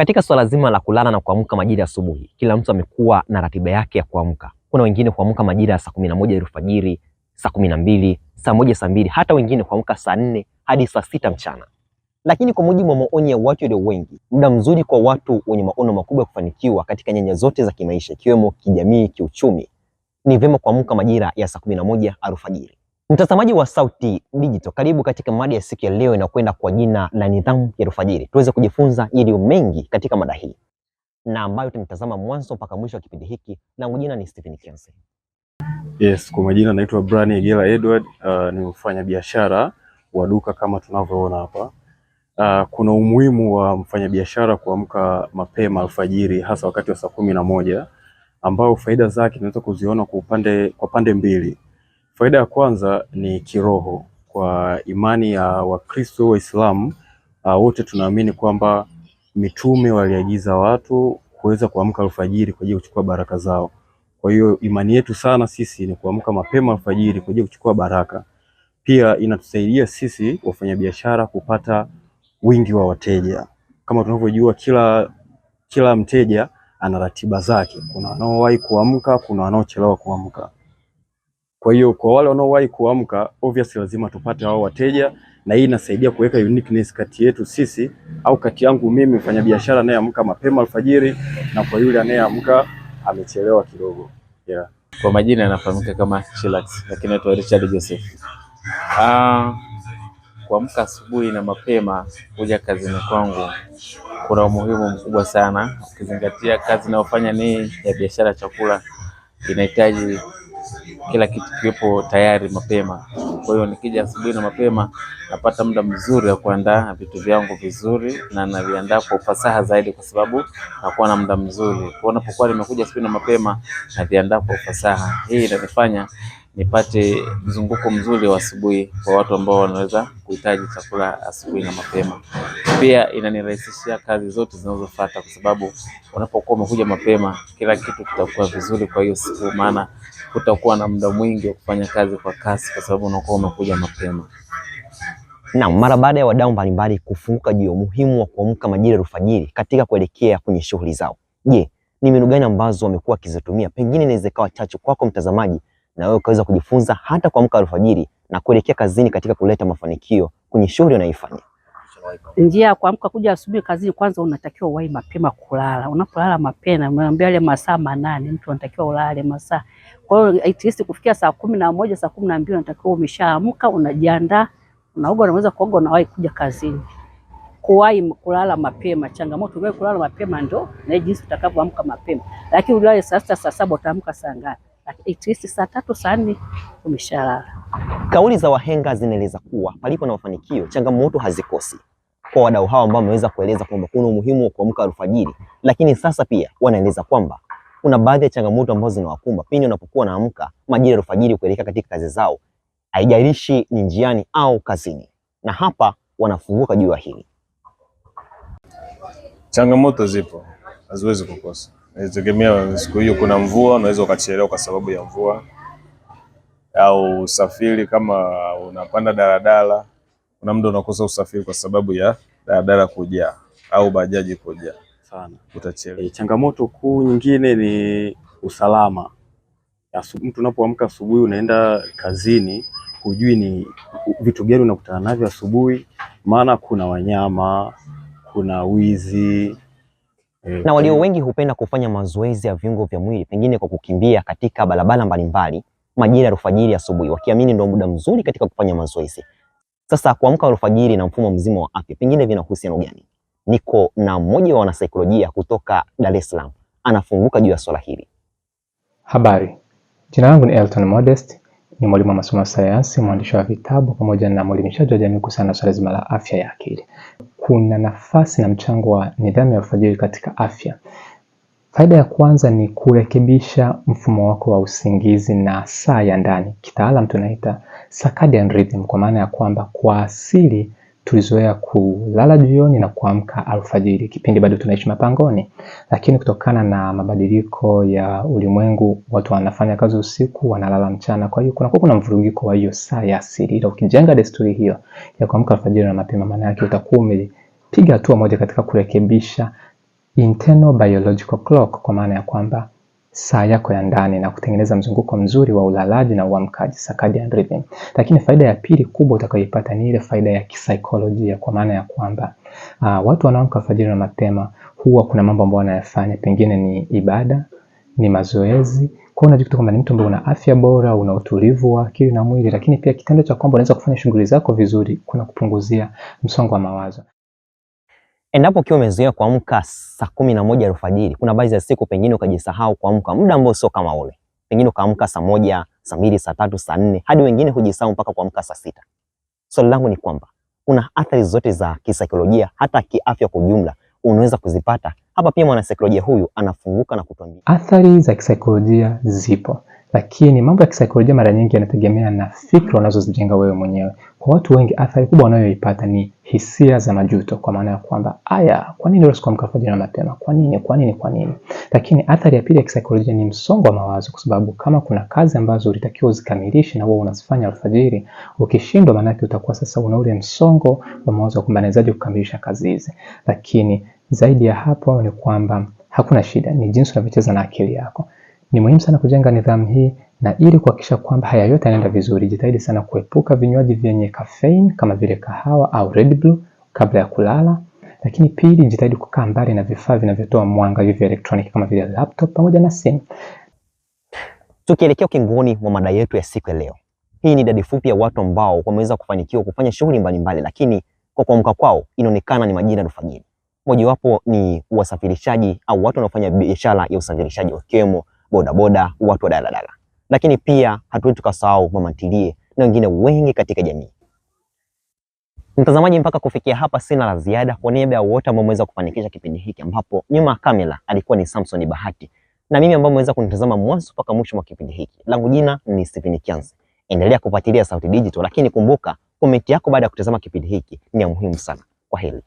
Katika swala zima la kulala na kuamka majira ya asubuhi, kila mtu amekuwa na ratiba yake ya kuamka. Kuna wengine kuamka majira ya saa kumi na moja alfajiri, saa kumi na mbili, saa moja, saa mbili, hata wengine kuamka saa nne hadi saa sita mchana. Lakini kwa mujibu wa maoni ya watu walio wengi, muda mzuri kwa watu wenye maono makubwa ya kufanikiwa katika nyanja zote za kimaisha, ikiwemo kijamii, kiuchumi, ni vyema kuamka majira ya saa kumi na moja alfajiri. Mtazamaji wa Sauti Digital, karibu katika mada ya siku ya leo inakwenda kwa jina la nidhamu ya alfajiri. Tuweze kujifunza yaliyo mengi katika mada hii na ambayo tunatazama mwanzo mpaka mwisho wa kipindi hiki. Langu jina ni Stephen Kianse. Yes, kwa majina naitwa Brian Egela Edward. Uh, ni mfanyabiashara wa duka kama tunavyoona hapa. Uh, kuna umuhimu wa mfanyabiashara kuamka mapema alfajiri, hasa wakati wa saa kumi na moja ambao faida zake tunaweza kuziona kwa upande kwa pande mbili Faida ya kwanza ni kiroho. Kwa imani ya Wakristo Waislamu uh, wote tunaamini kwamba mitume waliagiza watu kuweza kuamka alfajiri kwa ajili kuchukua baraka zao. Kwa hiyo imani yetu sana sisi ni kuamka mapema alfajiri kwa ajili kuchukua baraka. Pia inatusaidia sisi wafanyabiashara kupata wingi wa wateja. Kama tunavyojua kila kila mteja ana ratiba zake, kuna wanaowahi kuamka, kuna wanaochelewa kuamka. Kwa hiyo kwa wale wanaowahi kuamka, obviously lazima tupate hao wateja, na hii inasaidia kuweka uniqueness kati yetu sisi au kati yangu mimi mfanyabiashara anayeamka mapema alfajiri na kwa yule anayeamka amechelewa kidogo yeah. Kwa majina anafahamika kama Chillax, lakini naitwa Richard Joseph. Ah, kuamka asubuhi na mapema kuja kazini kwangu kuna umuhimu mkubwa sana, ukizingatia kazi inayofanya ni ya biashara chakula inahitaji kila kitu kipo tayari mapema. Kwa hiyo nikija asubuhi na mapema napata muda mzuri wa kuandaa vitu vyangu vizuri, na naviandaa kwa ufasaha zaidi, kwa sababu nakuwa na muda mzuri. Kwa unapokuwa nimekuja asubuhi na mapema, naviandaa kwa ufasaha. Hii inanifanya nipate mzunguko mzuri wa asubuhi kwa watu ambao wanaweza kuhitaji chakula asubuhi na mapema. Pia inanirahisishia kazi zote zinazofuata, kwa sababu unapokuwa umekuja mapema, kila kitu kitakuwa vizuri kwa hiyo siku, maana kutakuwa na muda mwingi wa kufanya kazi kwa kasi, kwa sababu unakuwa umekuja mapema. Na mara baada ya wadau mbalimbali kufunguka juu ya umuhimu wa kuamka majira ya alfajiri katika kuelekea kwenye shughuli zao, je, ni mbinu gani ambazo wamekuwa wakizitumia? Pengine inaweza ikawa chachu kwako mtazamaji na wewe ukaweza kujifunza hata kuamka alfajiri na kuelekea kazini katika kuleta mafanikio kwenye shughuli unayoifanya. Njia ya kuamka kuja asubuhi kazini, kwanza unatakiwa uwahi mapema kulala. Unapolala mapema, unaambia ile masaa manane mtu anatakiwa ulale masaa. Kwa hiyo at least kufikia saa kumi na moja saa kumi na mbili unatakiwa umeshaamka, unajiandaa, unaoga, unaweza kuoga, unawahi kuja kazini. Kuwahi kulala mapema, changamoto wewe kulala mapema, ndo na jinsi utakavyoamka mapema. Lakini ulale saa sita saa saba utaamka saa ngapi? at least saa tatu saa nne umeshalala. Kauli za wahenga zinaeleza kuwa palipo na mafanikio changamoto hazikosi. Kwa wadau hawa ambao wameweza kueleza kwamba kuna umuhimu wa kuamka alfajiri, lakini sasa pia wanaeleza kwamba kuna baadhi ya changamoto ambazo zinawakumba pindi wanapokuwa wanaamka majira ya alfajiri kuelekea katika kazi zao, haijalishi ni njiani au kazini, na hapa wanafunguka juu ya hili. Changamoto zipo, haziwezi kukosa Inategemea siku hiyo kuna mvua, unaweza ukachelewa kwa sababu ya mvua au usafiri. Kama unapanda daladala, kuna muda unakosa usafiri kwa sababu ya daladala kujaa au bajaji kuja sana, utachelewa. E, changamoto kuu nyingine ni usalama. Mtu unapoamka asubuhi unaenda kazini, hujui ni vitu gani unakutana navyo asubuhi, maana kuna wanyama, kuna wizi mm. na walio mm. wengi hupenda kufanya mazoezi ya viungo vya mwili pengine kwa kukimbia katika barabara mbalimbali majira ya alfajiri, asubuhi, wakiamini ndio muda mzuri katika kufanya mazoezi. Sasa kuamka alfajiri na mfumo mzima wa afya pengine vina uhusiano gani? Niko na mmoja wa wanasaikolojia kutoka Dar es Salaam anafunguka juu ya swala hili. Habari, jina langu ni Elton Modest ni mwalimu wa masomo ya sayansi, mwandishi wa vitabu pamoja na mwelimishaji wa jamii kuhusiana na swala zima la afya ya akili. Kuna nafasi na mchango wa nidhamu ya alfajiri katika afya. Faida ya kwanza ni kurekebisha mfumo wako wa usingizi na saa ya ndani, kitaalam tunaita circadian rhythm, kwa maana ya kwamba kwa asili tulizoea kulala jioni na kuamka alfajiri, kipindi bado tunaishi mapangoni. Lakini kutokana na mabadiliko ya ulimwengu, watu wanafanya kazi usiku, wanalala mchana. Kwa hiyo kunakuwa kuna mvurugiko wa hiyo saa ya asili, ila ukijenga desturi hiyo ya kuamka alfajiri na mapema, maana yake utakuwa umepiga hatua moja katika kurekebisha internal biological clock, kwa maana ya kwamba saa yako ya ndani na kutengeneza mzunguko mzuri wa ulalaji na uamkaji, circadian rhythm. Lakini faida ya pili kubwa utakayoipata ni ile faida ya kisaikolojia, kwa maana ya kwamba uh, watu wanaamka alfajiri na mapema huwa kuna mambo ambayo wanayafanya, pengine ni ibada, ni mazoezi kwa unajikuta kwamba ni mtu ambaye una afya bora, una utulivu wa akili na mwili, lakini pia kitendo cha kwamba unaweza kufanya shughuli zako vizuri kuna kupunguzia msongo wa mawazo. Endapo ukiwa umezoea kuamka saa kumi na moja alfajiri, kuna baadhi ya siku pengine ukajisahau kuamka muda ambao sio kama ule, pengine ukaamka saa moja, saa mbili, saa tatu, saa nne, hadi wengine hujisahau mpaka kuamka saa sita. Swali langu ni kwamba kuna athari zote za kisaikolojia hata kiafya kwa ujumla unaweza kuzipata hapa. Pia mwanasaikolojia huyu anafunguka na kutuambia athari za kisaikolojia zipo, lakini mambo ya kisaikolojia mara nyingi yanategemea na fikra unazozijenga wewe mwenyewe. Kwa watu wengi athari kubwa wanayoipata ni hisia za majuto, kwa maana ya kwamba aya, kwa nini Rose kumkafa na mapema? Kwa nini? Kwa nini? Kwa nini? Lakini athari ya pili ya kisaikolojia ni msongo wa mawazo, kwa sababu kama kuna kazi ambazo ulitakiwa uzikamilishe na wewe unazifanya alfajiri, ukishindwa, maana yake utakuwa sasa una ule msongo wa mawazo wa kumbanaizaje kukamilisha kazi hizi. Lakini zaidi ya hapo ni kwamba hakuna shida, ni jinsi unavyocheza na akili yako. Ni muhimu sana kujenga nidhamu hii na ili kuhakikisha kwamba haya yote yanaenda vizuri, jitahidi sana kuepuka vinywaji vyenye caffeine kama vile kahawa au Red Bull kabla ya kulala. Lakini pili, jitahidi kukaa mbali na vifaa vinavyotoa mwanga vya electronic kama vile laptop pamoja na simu. Tukielekea ukingoni mwa mada yetu ya siku ya leo, hii ni idadi fupi ya watu ambao wameweza kufanikiwa kufanya shughuli mbalimbali, lakini kwa kuamka kwao inaonekana ni majira ya alfajiri. Mojawapo ni wasafirishaji au watu wanaofanya biashara ya usafirishaji wakiwemo bodaboda, watu wa daladala, lakini pia hatuwezi tukasahau mama ntilie na wengine wengi katika jamii. Mtazamaji, mpaka kufikia hapa sina la ziada. Kwa niaba ya wote ambao wameweza kufanikisha kipindi hiki, ambapo nyuma ya kamera alikuwa ni Samson Bahati na mimi ambao mmeweza kunitazama mwanzo mpaka mwisho wa kipindi hiki, langu jina ni Stephen Kianzi. Endelea kufuatilia Sauti Digital, lakini kumbuka komenti yako baada ya kutazama kipindi hiki ni ya muhimu sana. Kwa heri.